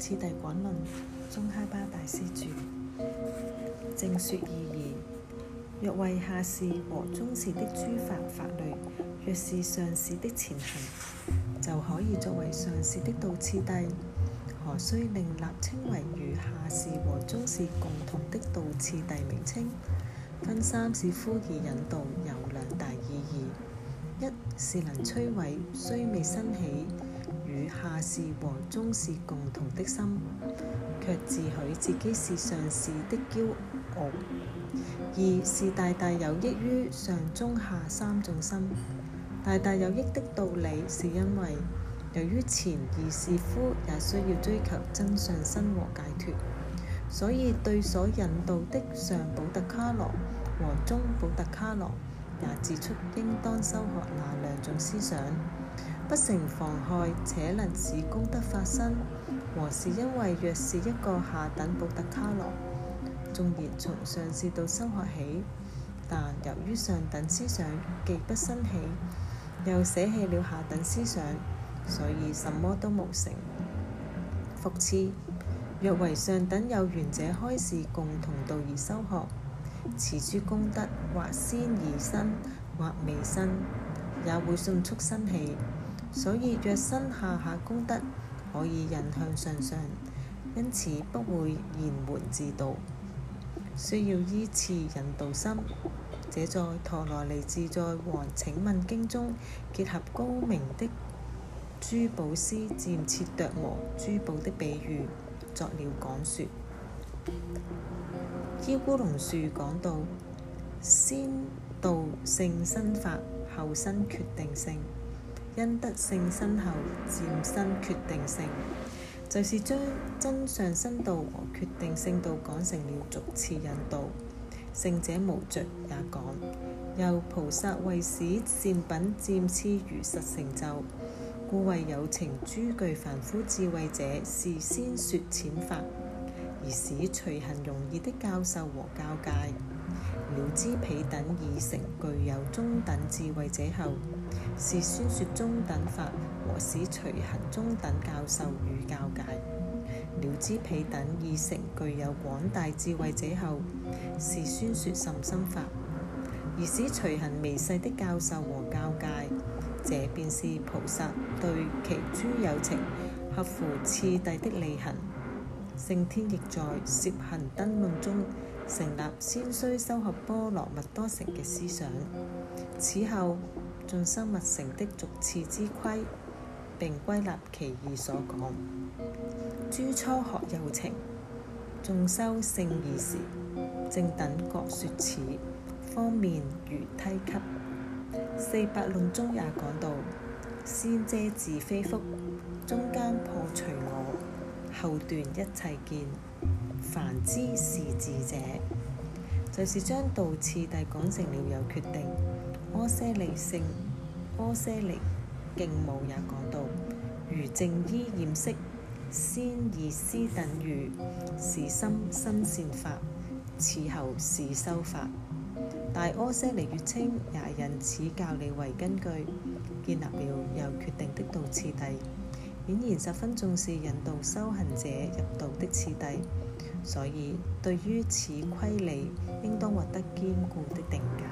次第廣論，中哈巴大師著。正說意義，若為下士和中士的諸法法律，若是上士的前行，就可以作為上士的道次第。何須另立稱為與下士和中士共同的道次第名稱？分三是呼義引導，有兩大意義：一是能摧毀，雖未生起，與下士和中士共同的心，卻自詡自己是上士的驕傲。二是大大有益於上、中、下三種心。大大有益的道理，是因為由於前二士夫也需要追求增上生和解脫，所以對所引導的上補特伽羅和中補特伽羅，也指出應當修學那兩種思想。不成妨害，且能使功德發生，和是因為若是一個下等布特卡羅，縱然從上士到修學起，但由於上等思想既不生起，又捨棄了下等思想，所以什麼都無成。復次，若為上等有緣者開示共同道而修學，持諸功德，或先而生，或未生。也會迅速生起，所以若身下下功德可以引向上上，因此不會延緩至道。需要依次引導心，這在《陀羅尼自在王請問經》中結合高明的珠寶師鑿切琢磨珠寶的比喻作了講説。依孤龍樹講道：先道性身法。後生決定性，因得性身後漸生決定性，就是將真相深度和決定性度講成了逐次。印度聖者無著也講。由菩薩為使善品漸次如實成就，故為有情諸具凡，凡夫智慧者事先說淺法。而使隨行容易的教授和教誡，了知彼等已成具有中等智慧者後，是宣說中等法；和使隨行中等教授與教誡，了知彼等已成具有廣大智慧者後，是宣說甚深法。而使隨行微細的教授和教誡，這便是菩薩對其諸有情合乎次第的利行。聖天亦在攝行燈論中成立先須修學波羅蜜多成嘅思想，此後眾生勿成的俗次之規並歸納其意所講。諸初學有情，眾修聖義時，正等覺說此方便如梯級，四百論中也講到，先遮自非福，中間破除我。後段一切見凡知是智者，就是將道次第講成了有決定。阿些利聖、阿些利敬母也講到，如正依驗識先以思等語，是心深善法，次後是修法。大阿些利月稱也因此教你為根據，建立了有決定的道次第。顯然十分重視引導修行者入道的次第，所以對於此規例，應當獲得堅固的定解。